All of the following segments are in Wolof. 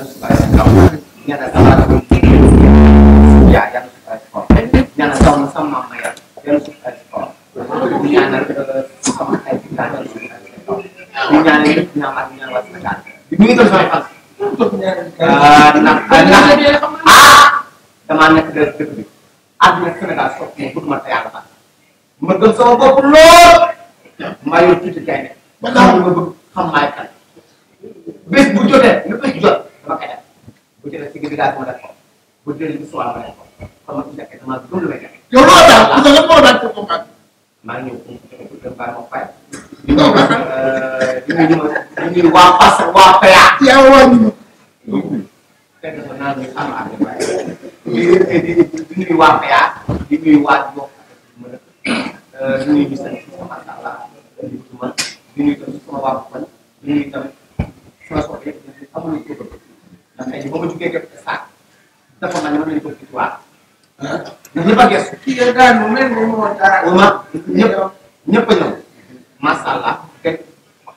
yang supaya kamu ini adalah ya yang suka ekspor yang sama sama ya yang suka ekspor punya anak sama kayak kita yang suka ekspor punya anak nyaman nyaman sekali ini terus apa anak eh, anak ah temannya ke dekat akhirnya kena kasih untuk mata yang lepas menurut sama gue perlu mayor kita kayaknya betul délégation d' accord bu dee lu soxla ba xam nga ci jafe damaa gëm lu may jafe. yow loo tax parce que lan moo daan ko fokkaat. maa ngi ñëw pour pour dem baal ma fay. di nga wax di nga ñëw di nga waa Fass waa Paya. yaa waa ñu ma. fekk na naa ñu am ak waaye. di di nuyu waa Paya di nuyu waa di bokk ak di nuyu di nuyu sama waa Koungheul di nuyu tam sama waa Koungheul di nuyu euh, tam ñëpp a gëstu. kii yëpp daal moom mel ni moom dara. waaw ma ñëpp ñëpp a ñëw. macha allah te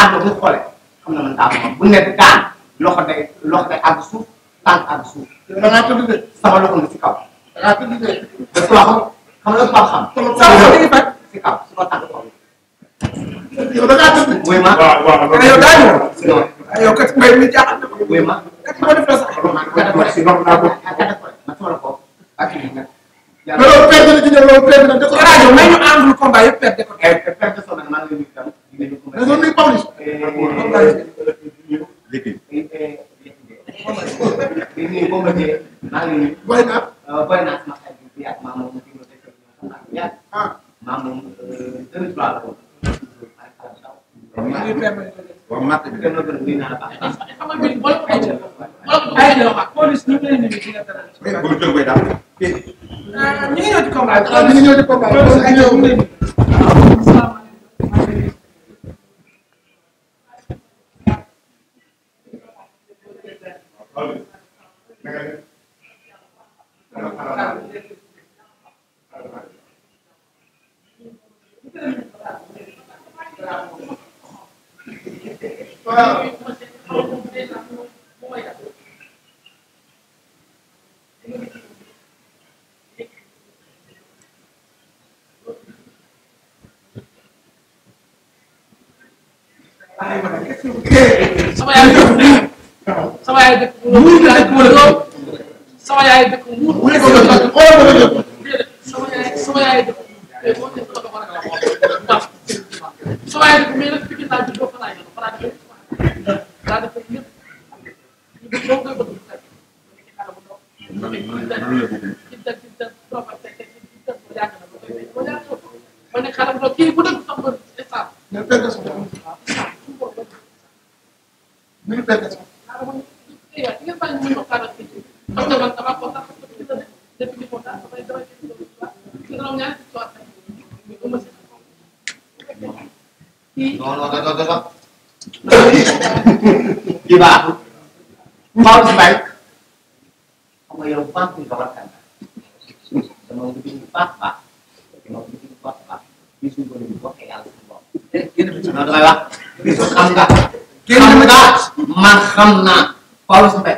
ànd bu xoolee xam na man daa ma bu nekk daan loxo day loxo day àgg suuf tànk àgg suuf. da ngaa tëdd de. sama loxo nga si kaw. da ngaa tëdd de. parce que waxoon xam nga Pape xam. sama loxo ngi faj si kaw su ma tànk kaw. yow da ngaa tëdd. mooy ma waaw waaw waaw yow daa ñëw. non yow kat mbay mi jaaxal na ko. mooy ma. kat ma def la sax. loolu perte na décote. rajo may ñu àndul combat yëpp perte décote. perte sonal maa ngi leen di gërëm. dañoo nuyu Pawlish. léegi. booy naat. booy naat sama xarit bi ak maam moom mu déglu maam moom deux trois la woon. waaw màtt bi dem na gën a nuyu naa la baax. xam nga combat bi. ñu ngi ñëw ci combat bi. waaw. sama yaay dëkk sama yaay dëkk Mbuur sama yaay dëkk Mbuur sama yaay sama yaay dëkk te moom lañ ko doon wax ndax sama yaay dëkk mais nag fii ci naaj bi doo ko laajee dafa laaj lépp daal dafa lépp parce que man damaa kontaan def ñu kontaan damay damay def non non non non. yu baaxul. Paul Mbaye. xam nga yow banque bi baax a baax. dama baax baax. gis nga bëri bu bokkee yàlla suñu bopp. damay wax. xam nga. man xam naa Paul Mbaye.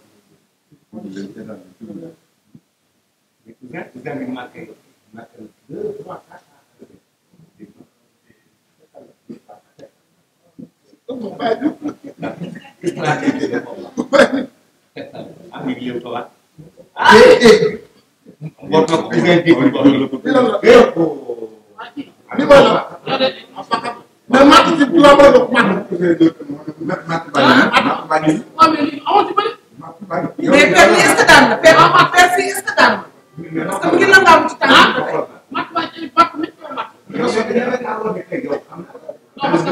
nag gan yi màkkee màkkee deux trois quatre am na léew ko wax. ah war na ko. li ma la mais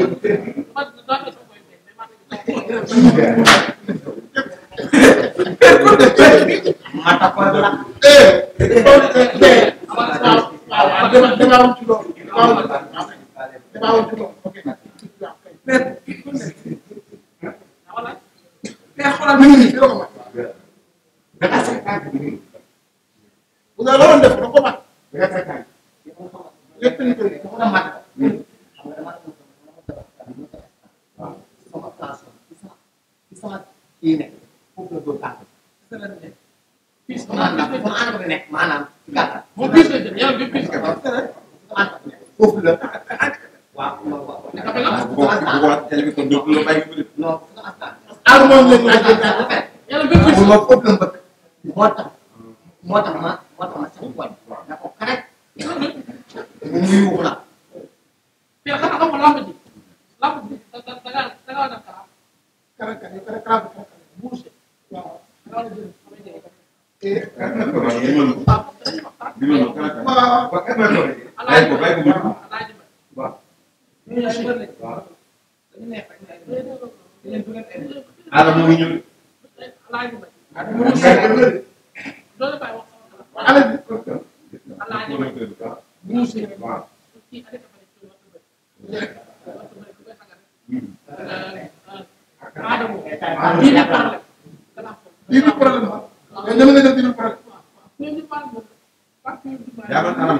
xoolal mi ngi nii piis ba maanaam daal dafa ànd ak nekk maanaam gàttal. bu piis la jël yow bi piis la waaw foofu la. waaw waaw waaw. dafa la bu ko bu ko wax télé bi kon dootul la bàyyi ko def. non aar moom la ñu la jël daal dafa yàlla bi piis la foofu la mbëkk. moo tax moo tax ma moo tax ma sax ko da ko correct. mu muy wax la. bàyyi ko bàyyi ko mu dugg waaw. ala moo ngi ñëw de. ala waaw. dii du problème dama nga def dii du problème yaa man anam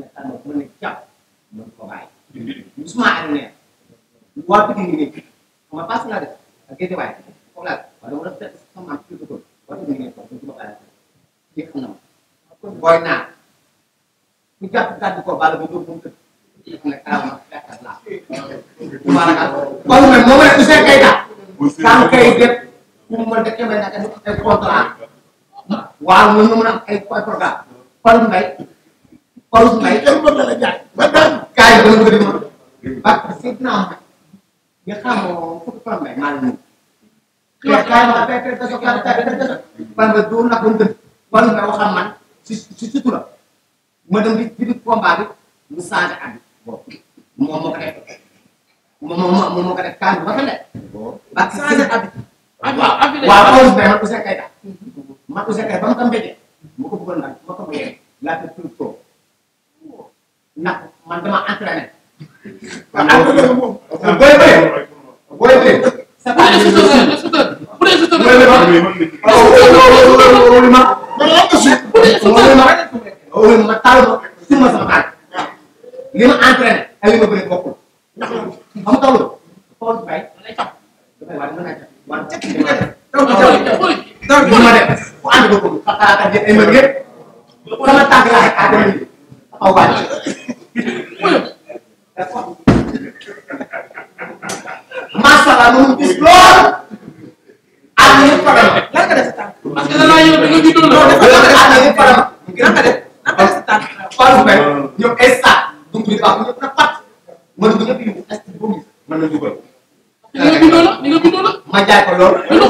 ne xanaa mën na jàpp mën ko bàyyi. Ousmane Aliou ne waa Pikine ñu ngi xam nga pass naa def ak géej waay foofu laa def waaye dama def sama maam ko war nañu ne ko du ma bàyyi lii xam na ma kon booy naa ku jàpp gàddu ko bala ba dóor ba mu tëdd ne carrément gàttal laa. tubaarakat kon man moom rek Ousseyn Keita. Ousseyn Keita pour mu mën a ay contrat waaw mën na mën a am ay programme kon mbay kon may kenn ko dala jaay ba daan kaay ba ko di ma parce que sit naa ma ngi xeex ma tey tey daso kaay tey tey daso ban nga doo na ko ndënd man si si sutura ma dem di di di combat mu changé at bi moom moo def moom moo def kaan ba fa ba changé at waaw ma Ouzin Keita ba mu ko mbéjee entraîné ay yu ma bëri bokkul ndax xam nga loolu xool bay lay tax dafay war mën naa tax war ca kii bi nga def taw bi taw bi taw bi ma def ku ànd ko ko xataa ak ay mbir yëpp sama tànk laa xataa dem taxaw baa mën nga yóbbu mën na dugal. li nga bindoo la nga bindoo la. ma jaay ko lool. loolu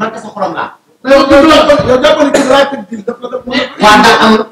man sa jàmm